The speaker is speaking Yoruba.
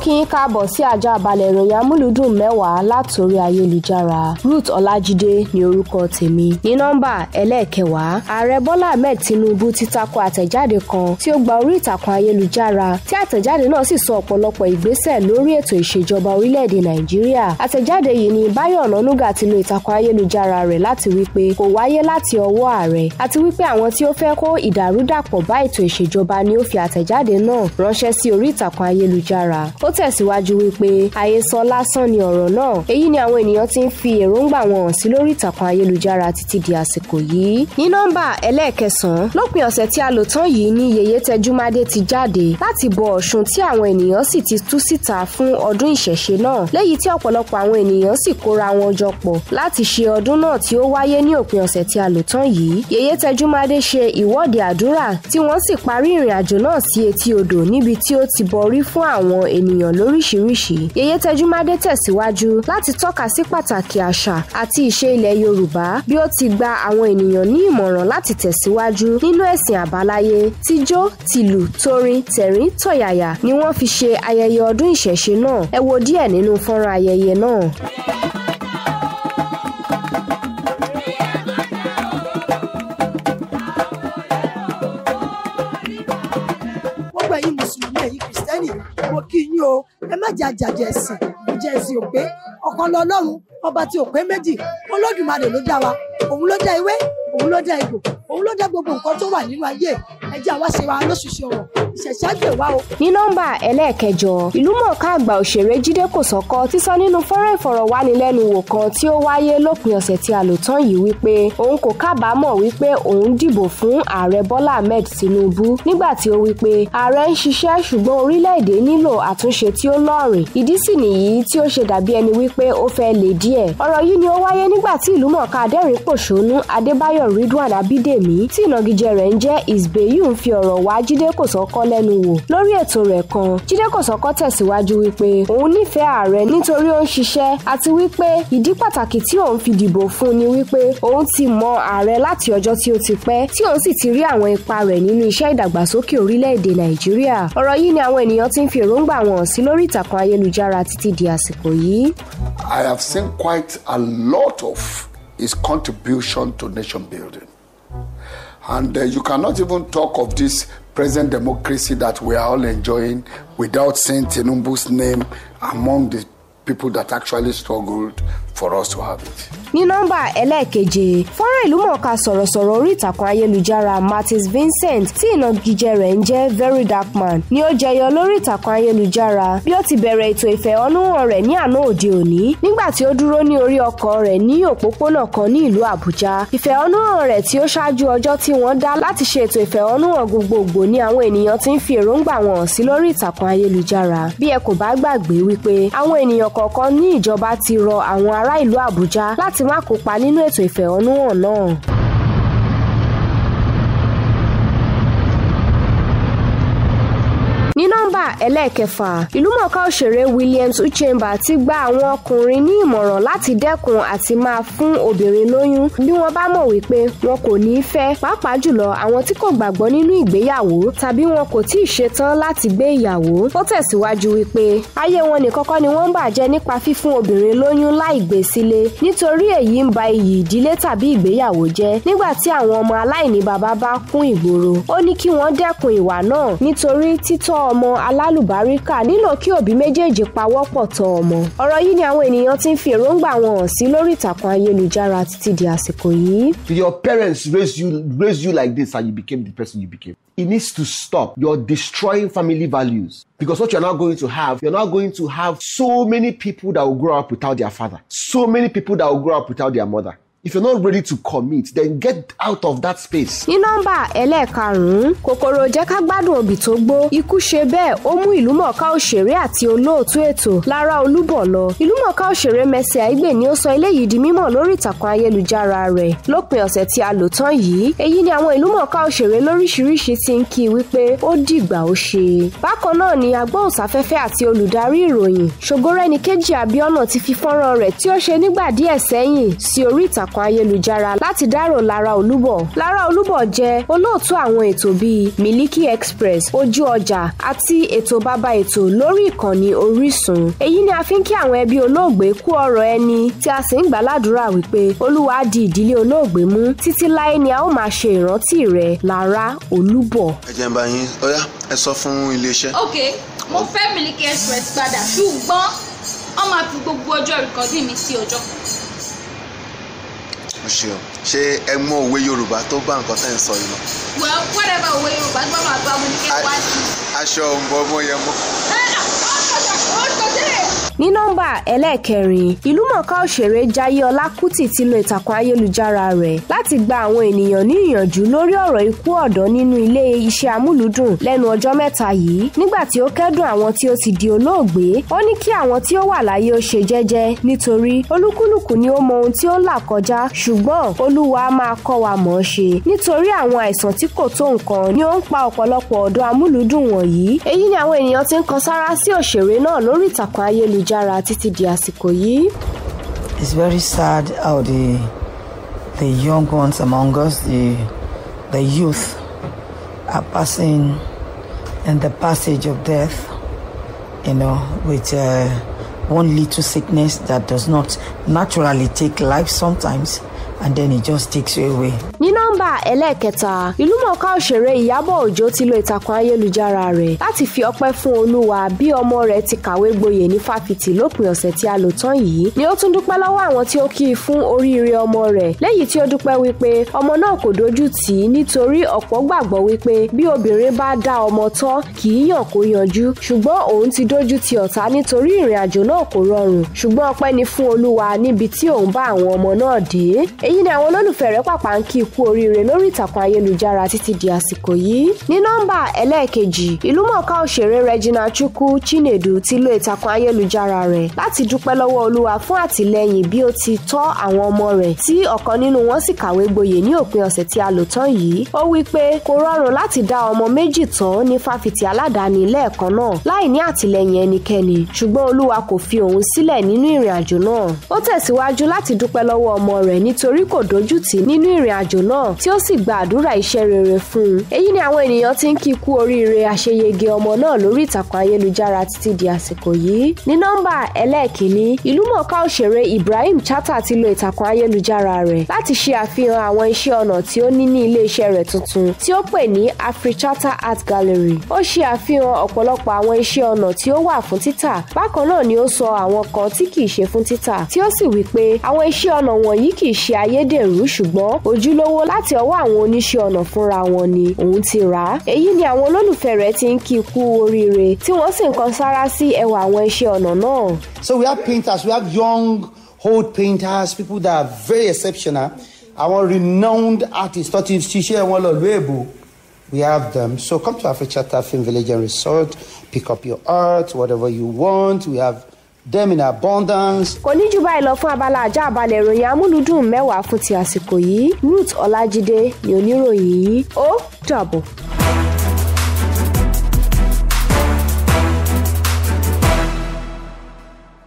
kí yín káàbọ̀ sí àjọ àbálẹ̀ ìròyìn amúlùdùn mẹ́wàá látòrí ayélujára Ruth Ọlájídé ní orúkọ tèmi ní nọ́mbà ẹlẹ́ẹ̀kẹwàá ààrẹ Bọ́lá Ahmed Tinubu ti tako àtẹ̀jáde kan tí ó gba orí ìtàkùn ayélujára tí àtẹ̀jáde náà sì sọ ọ̀pọ̀lọpọ̀ ìgbésẹ̀ lórí ètò ìṣèjọba orílẹ̀-èdè Nàìjíríà àtẹ̀jáde yìí ni Báyọ̀ Ọ̀nànúgà ti lo ìtàkùn ayélujára rẹ̀ láti wípé kò wáyé láti ọwọ́ ààrẹ àti wípé àwọn tí ó fẹ́ kó ìdàrúdàpọ̀ bá ètò ìṣèjọba ni ó fi àtẹ̀jáde náà ránṣẹ́ sí orí ìtàkùn ayélujára ó ó tẹ̀síwájú wípé àhesọ lásán ni ọ̀rọ̀ náà èyí ni àwọn ènìyàn ti ń fi èròǹgbà wọn hàn sí lórí ìtàkùn ayélujára títí di àsìkò yìí ní nọ́mbà ẹlẹ́ẹ̀kẹsàn-án lópin ọ̀sẹ̀ tí a lò tán yìí ni yèyé tẹjúmádé ti jáde láti bọ ọ̀ṣun tí àwọn ènìyàn sì ti tú síta fún ọdún ìṣẹ̀ṣe náà léyìí tí ọ̀pọ̀lọpọ̀ àwọn ènìyàn sì kóra wọn jọ pọ̀ láti ṣe ọdún náà tí ó wáyé ní òpin ọ̀sẹ̀ tí a lò tán yìí yèyé tẹjúmádé ṣe ìwọ́de àdúrà tí wọ́n sì parí ìrìn àjò náà sí etí odò níbi tí ó ti bọrí fún àwọn ènìyàn ènìyàn lóríṣìíríṣìí yẹyẹ tẹjúmádé tẹ̀síwájú láti tọ́ka sí pàtàkì àṣà àti ìṣe ilẹ̀ yorùbá bí ó ti gba àwọn ènìyàn ní ìmọ̀ràn láti tẹ̀síwájú nínú ẹ̀sìn àbáláyé tíjó tìlù torin tẹ̀rín tọ̀yàyà ni wọ́n fi ṣe ayẹyẹ ọdún ìṣẹ̀ṣe náà ẹ wo díẹ̀ nínú fọ́nrán ayẹyẹ náà. àjàjẹ ẹ̀sìn ìjẹ́ ẹ̀sìn òpé ọ̀kan lọ ọlọ́run ọba tí òpé méjì olódùmarè ló dá wa òun ló dá ewé òun ló dá egbò òun ló dá gbogbo nǹkan tó wà nínú ayé ẹ àwa ṣe wa lóṣùṣe ọ̀rọ̀ ṣẹ̀ṣẹ̀ gbè wá o. ní nọ́mbà ẹlẹ́ẹ̀kẹjọ ìlúmọ̀ọ́ká àgbà òṣèré Jídé Kòsọ́kọ ti sọ nínú fọ́nrán ìfọ̀rọ̀wánilẹ́nuwò kan tí ó wáyé lópin ọ̀sẹ̀ tí a lò tán yìí wípé òun kò kábàámọ̀ wípé òun dìbò fún ààrẹ Bọ́lá Ahmed Tinubu nígbà tí ó wípé ààrẹ ń ṣiṣẹ́ ṣùgbọ́n orílẹ̀-èdè nílò àtúnṣe tí ó lọ́rìn ìdí sì nìyí tí ó ṣe dàbí ẹni wípé ó fẹ́ lè díẹ̀ ọ̀rọ̀ yìí ni ó wáyé nígbà tí ìlúmọ̀ọ́ká adẹ́rìn-pòṣónú Adébáyọ̀ lẹ́nu wò lórí ètò rẹ̀ kan Jídé Kòsọ́kọ́ tẹ̀síwájú wípé òun nífẹ̀ẹ́ ààrẹ nítorí ó ń ṣiṣẹ́ àti wípé ìdí pàtàkì tí òun fi dìbò fún ni wípé òun ti mọ ààrẹ láti ọjọ́ tí ó ti pẹ́ tí òun sì ti rí àwọn ipa rẹ̀ nínú iṣẹ́ ìdàgbàsókè orílẹ̀-èdè Nàìjíríà ọ̀rọ̀ yìí ni àwọn ènìyàn ti ń fi èròǹgbà wọn sí lórí ìtàkùn ayélujára títí di àsìkò yìí. I have seen quite a lot of his contribution to nation building. And uh, you cannot even talk of this present democracy that we are all enjoying without saying Tinubu's name among the people that actually struggled for us to have it. ní nọ́mbà ẹlẹ́ẹ̀keje fọ́nrán ìlúmọ̀ọ́ká sọ̀rọ̀sọ̀rọ̀ orí ìtàkùn ayélujára Martins Vincent tí ìnagijẹ rẹ̀ ń jẹ́ Very Dark Man ni ó jẹyọ lórí ìtàkùn ayélujára bí ó ti bẹ̀rẹ̀ ètò ìfẹ̀hónúhàn rẹ̀ ní àná òde òní nígbà tí ó dúró ní orí ọkọ̀ rẹ̀ ní òpópónà kan ní ìlú Àbújá ìfẹ̀hónúhàn rẹ̀ tí ó ṣáájú ọjọ́ tí wọ́n dá láti ṣe ètò ìfẹ̀hónúhàn gbogbogbò ni àwọn kọ̀ọ̀kan ní ìjọba ti rọ àwọn ará ìlú Àbújá láti má kópa nínú ètò ìfẹ̀hónúhàn náà. ẹlẹ́ẹ̀kẹfà ìlúmọ̀ọ́ká òṣèré Williams Uchemba ti gba àwọn ọkùnrin ní ìmọ̀ràn láti dẹ́kun àti máa fún obìnrin lóyún bí wọ́n bá mọ̀ wípé wọn kò ní í fẹ́ pàápàá jùlọ àwọn tí kò gbàgbọ́ nínú ìgbéyàwó tàbí wọn kò tí ì ṣetán láti gbé ìyàwó ó tẹ̀síwájú wípé ayé wọn nìkan kọ́ ni wọ́n ń bàjẹ́ nípa fífún obìnrin lóyún láì gbé sílé nítorí èyí ń ba iyì ìdílé tàbí ìgbéyàwó jẹ́ nígbà tí àwọn ọmọ aláìní bàbá bá kún ìgboro ó ní kí wọ́n dẹ́kun ìwà náà nítorí títọ́ ọmọ alá alálùbáríkà nílò kí òbí méjèèjì pawọ́pọ̀ tọ́ ọmọ. ọ̀rọ̀ yìí ni àwọn ènìyàn ti ń fi èròǹgbà wọn hàn sí lórí ìtàkùn ayélujára títí di àsìkò yìí. your parents raise you raise you like this and you became the person you became. it needs to stop. you're destroying family values. Because what you're now going to have, you're now going to have so many people that will grow up without their father, so many people that will grow up without their mother. If you're not ready to commit, then get out of that space. Ní nọ́mbà ẹlẹ́ẹ̀karùn-ún, kòkòrò jẹ́ ká gbádùn obì tó gbó. Ikú ṣe bẹ́ẹ̀, ó mú ìlúmọ̀ọ́ká òṣèré àti olóòtú ètò Lára Olúbọ̀lọ. Ìlúmọ̀ọ́ká òṣèré Mercy Aigbe ni ó sọ eléyìí di mímọ̀ lórí ìtàkùn ayélujára rẹ̀. Lópin ọ̀sẹ̀ tí a lò tán yìí, èyí ni àwọn ìlúmọ̀ọ́ká òṣèré lóríṣiríṣi ti ń kí ìtàkùn ayélujára láti dárò Lara Olúbọ̀ Lara Olúbọ̀ jẹ́ olóòtú àwọn ètò bíi Miliki Express ojú ọjà àti ètò bàbá ètò lórí ìkànnì Orísun èyí ni a fi ń kí àwọn ẹbí olóògbé kú ọ̀rọ̀ ẹni tí a sì ń gbàládùra wípé Olúwa di ìdílé olóògbé mú títí láé ni a ó máa ṣe ìrántí rẹ Lara Olúbọ̀. ẹ jẹ́ n bá yín ọ̀yá ẹ sọ fún iléeṣẹ́. ok mo fẹ́ Miliki Express padà ṣùgbọ́n wọ́n máa fi gbogbo ọjọ́ ìkọ́jú mi sí ọjọ́ kan ṣe ẹ mọ òwe yorùbá tó bá nǹkan tẹ́ ń sọ yìí lọ. well whatever òwe yorùbá tó bá máa bá mu ní kí wá sí. aṣọ òǹbọ̀ ọmọ yẹn mọ́ ní nọ́mbà ẹlẹ́ẹ̀kẹrin ìlúmọ̀ọ́ká òṣèré Jaiye Ọlá Kútì ti lo ìtàkùn ayélujára rẹ̀ láti gba àwọn ènìyàn ní ìyànjú lórí ọ̀rọ̀ ikú ọ̀dọ́ nínú ilé iṣẹ́ amúlùúdùn lẹ́nu ọjọ́ mẹ́ta yìí nígbà tí ó kẹ́dùn àwọn tí ó ti di olóògbé ó ní kí àwọn tí ó wà láyé ó ṣe jẹ́jẹ́ nítorí olúkúlùkù ni ó mọ ohun tí ó ń là kọjá ṣùgbọ́n olúwa máa kọ́ wa mọ̀ ọ́ ṣe nítorí àwọn àìsàn tí kò tó nǹkan ni ó ń pa ọ̀pọ̀lọpọ̀ ọ̀dọ́ amúlùúdùn wọ̀nyí èyí ni àwọn ènìyàn ti ń kan sára sí òṣèré náà lórí ìtàkùn ayélujára ayélujára títí di àsìkò yìí. It's very sad how the the young ones among us the the youth are passing in the passage of death you know with uh, one little sickness that does not naturally take life sometimes and then it just takes you away. ní nọ́mbà ẹlẹ́ẹ̀kẹta ìlúmọ̀ọ́ká òṣèré ìyábọ̀ òjó ti lo ìtàkùn ayélujára rẹ̀ láti fi ọpẹ́ fún olúwa bí ọmọ rẹ̀ ti kàwé gboyè ní fáfitì lópin ọ̀sẹ̀ tí a lò tán yìí ni ó tún dúpẹ́ lọ́wọ́ àwọn tí ó kí i fún oríire ọmọ rẹ̀ léyìí tí ó dúpẹ́ wípé ọmọ náà kò dojú tì í nítorí ọ̀pọ̀ gbàgbọ́ wípé bí obìnrin bá dá ọmọ tọ́ kì í yàn kó yanjú ṣùgbọ́n òun ti dojú ti ọ̀tá nítorí ìrìn àjò náà kò rọrùn ṣùgbọ́n ọpẹ́ ni fún olúwa níbi tí òun bá àwọn ọmọ náà dé èyí ni àwọn olólùfẹ́ rẹ̀ pàpà ń kí ikú oríire lórí ìtàkùn ayélujára títí di àsìkò yìí ní nọ́mbà ẹlẹ́ẹ̀kejì ìlúmọ̀ọ́ká òṣèré Regina Chukwu Chinedu ti lo ìtàkùn ayélujára rẹ̀ láti dúpẹ́ lọ́wọ́ Olúwa fún àtìlẹ́yìn bí ó ti tọ́ àwọn ọmọ rẹ̀ tí ọ̀kan nínú wọn sì kàwé gboyè ní òpin ọ̀sẹ̀ tí a lò tán yìí ó wí pé kò rọrùn láti dá ọmọ méjì tán ní fáfitì aládàáni lẹ́ẹ̀kan náà láì ní àtìlẹ́yìn ẹnikẹ́ni ṣùgbọ́n Olúwa kò fi òun rí kò dójútì nínú ìrìn àjò náà tí ó sì gba àdúrà iṣẹ́ rere fún un. èyí ni àwọn ènìyàn ti ń kí kú oríire àṣeyege ọmọ náà lórí ìtàkùn ayélujára títí di àsìkò yìí. ní nọ́mbà ẹlẹ́ẹ̀kínní ìlúmọ̀ọ́ká òṣèré Ibrahim Chatta ti lo ìtàkùn ayélujára rẹ̀ láti ṣe àfihàn àwọn iṣẹ́ ọnà tí ó ní ní ilé-iṣẹ́ rẹ̀ tuntun tí ó pè ní Africhatta Art Gallery. ó ṣe àfihàn ọ̀pọ̀lọpọ̀ àwọn iṣẹ́ ọnà tí ó wà fún títà bákan náà ni ó sọ àwọn kan tí kì í ṣe fún títà tí ó sì wí pé àwọn iṣẹ́ ọnà wọ̀nyí kì í ṣe ay ayédèrú ṣùgbọ́n ojúlówó láti ọwọ́ àwọn oníṣẹ́ ọnà fúnra wọn ni òun ti rà á èyí ni àwọn olólùfẹ́ rẹ̀ ti ń kí i oríire tí wọ́n sì ń kan sára sí ẹwà àwọn iṣẹ́ ọnà náà. So we have painters we have young old painters people that are very exceptional Our renowned artists tó ti ṣiṣẹ́ wọn lọ lóòbò. We have them. So come to Afrechata Film Village and Resort, pick up your art, whatever you want. We have them in abundance. kò ní jù báyìí lọ fún abala àjá àbálẹ̀ ìròyìn amúlùdùn mẹ́wàá fún ti àsìkò yìí Ruth Ọlájídé ni oníròyìn yìí ó dàbọ̀.